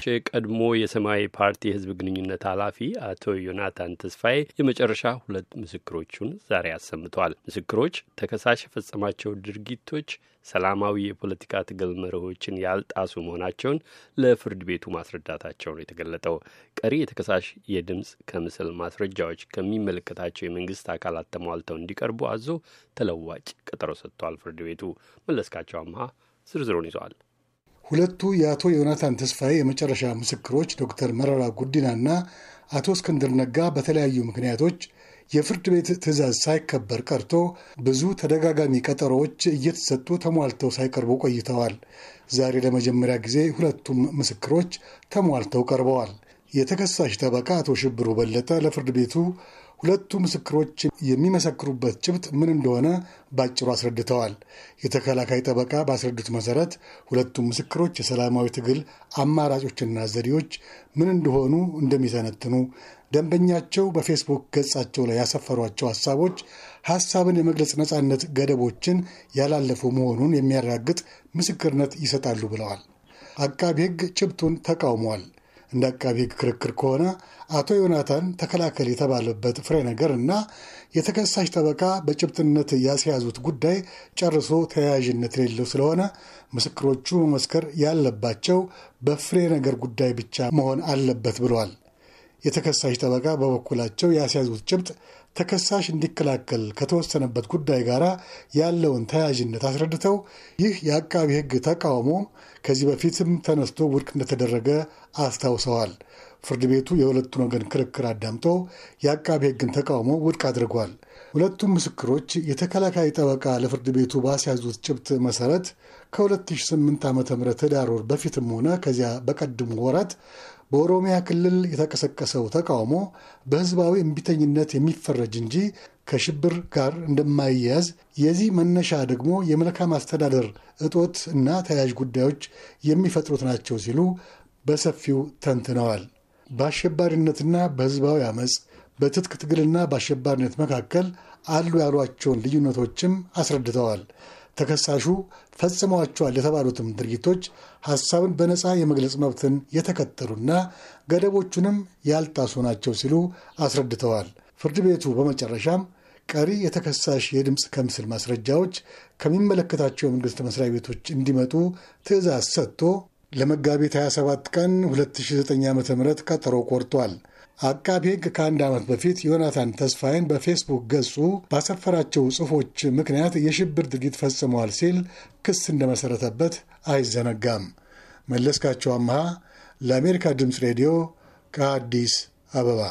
ያነጋገርናቸው የቀድሞ የሰማያዊ ፓርቲ የህዝብ ግንኙነት ኃላፊ አቶ ዮናታን ተስፋዬ የመጨረሻ ሁለት ምስክሮቹን ዛሬ አሰምተዋል። ምስክሮች ተከሳሽ የፈጸማቸው ድርጊቶች ሰላማዊ የፖለቲካ ትግል መርሆችን ያልጣሱ መሆናቸውን ለፍርድ ቤቱ ማስረዳታቸው ነው የተገለጠው። ቀሪ የተከሳሽ የድምፅ ከምስል ማስረጃዎች ከሚመለከታቸው የመንግስት አካላት ተሟልተው እንዲቀርቡ አዞ ተለዋጭ ቀጠሮ ሰጥቷል። ፍርድ ቤቱ መለስካቸው አምሃ ዝርዝሩን ይዘዋል። ሁለቱ የአቶ ዮናታን ተስፋዬ የመጨረሻ ምስክሮች ዶክተር መረራ ጉዲናና አቶ እስክንድር ነጋ በተለያዩ ምክንያቶች የፍርድ ቤት ትዕዛዝ ሳይከበር ቀርቶ ብዙ ተደጋጋሚ ቀጠሮዎች እየተሰጡ ተሟልተው ሳይቀርቡ ቆይተዋል። ዛሬ ለመጀመሪያ ጊዜ ሁለቱም ምስክሮች ተሟልተው ቀርበዋል። የተከሳሽ ጠበቃ አቶ ሽብሩ በለጠ ለፍርድ ቤቱ ሁለቱ ምስክሮች የሚመሰክሩበት ጭብጥ ምን እንደሆነ ባጭሩ አስረድተዋል። የተከላካይ ጠበቃ ባስረዱት መሰረት ሁለቱም ምስክሮች የሰላማዊ ትግል አማራጮችና ዘዴዎች ምን እንደሆኑ እንደሚተነትኑ፣ ደንበኛቸው በፌስቡክ ገጻቸው ላይ ያሰፈሯቸው ሀሳቦች ሀሳብን የመግለጽ ነፃነት ገደቦችን ያላለፉ መሆኑን የሚያረጋግጥ ምስክርነት ይሰጣሉ ብለዋል። አቃቢ ሕግ ጭብጡን ተቃውሟል። እንደ አቃቢ ክርክር ከሆነ አቶ ዮናታን ተከላከል የተባለበት ፍሬ ነገር እና የተከሳሽ ጠበቃ በጭብጥነት ያስያዙት ጉዳይ ጨርሶ ተያያዥነት የሌለው ስለሆነ ምስክሮቹ መመስከር ያለባቸው በፍሬ ነገር ጉዳይ ብቻ መሆን አለበት ብለዋል። የተከሳሽ ጠበቃ በበኩላቸው ያስያዙት ጭብጥ ተከሳሽ እንዲከላከል ከተወሰነበት ጉዳይ ጋር ያለውን ተያያዥነት አስረድተው ይህ የአቃቢ ሕግ ተቃውሞ ከዚህ በፊትም ተነስቶ ውድቅ እንደተደረገ አስታውሰዋል። ፍርድ ቤቱ የሁለቱን ወገን ክርክር አዳምጦ የአቃቢ ሕግን ተቃውሞ ውድቅ አድርጓል። ሁለቱም ምስክሮች የተከላካይ ጠበቃ ለፍርድ ቤቱ ባስያዙት ጭብጥ መሰረት ከ2008 ዓ ም ህዳር ወር በፊትም ሆነ ከዚያ በቀድሙ ወራት በኦሮሚያ ክልል የተቀሰቀሰው ተቃውሞ በህዝባዊ እምቢተኝነት የሚፈረጅ እንጂ ከሽብር ጋር እንደማይያዝ የዚህ መነሻ ደግሞ የመልካም አስተዳደር እጦት እና ተያያዥ ጉዳዮች የሚፈጥሩት ናቸው ሲሉ በሰፊው ተንትነዋል። በአሸባሪነትና በህዝባዊ አመፅ በትጥቅ ትግልና በአሸባሪነት መካከል አሉ ያሏቸውን ልዩነቶችም አስረድተዋል። ተከሳሹ ፈጽመዋቸዋል የተባሉትም ድርጊቶች ሐሳብን በነፃ የመግለጽ መብትን የተከተሉና ገደቦቹንም ያልጣሱ ናቸው ሲሉ አስረድተዋል። ፍርድ ቤቱ በመጨረሻም ቀሪ የተከሳሽ የድምፅ ከምስል ማስረጃዎች ከሚመለከታቸው የመንግሥት መስሪያ ቤቶች እንዲመጡ ትዕዛዝ ሰጥቶ ለመጋቢት 27 ቀን 2009 ዓ.ም ቀጠሮ ቆርጧል። አቃቢ ሕግ ከአንድ ዓመት በፊት ዮናታን ተስፋዬን በፌስቡክ ገጹ ባሰፈራቸው ጽሑፎች ምክንያት የሽብር ድርጊት ፈጽመዋል ሲል ክስ እንደመሠረተበት አይዘነጋም። መለስካቸው አምሃ ለአሜሪካ ድምፅ ሬዲዮ ከአዲስ አበባ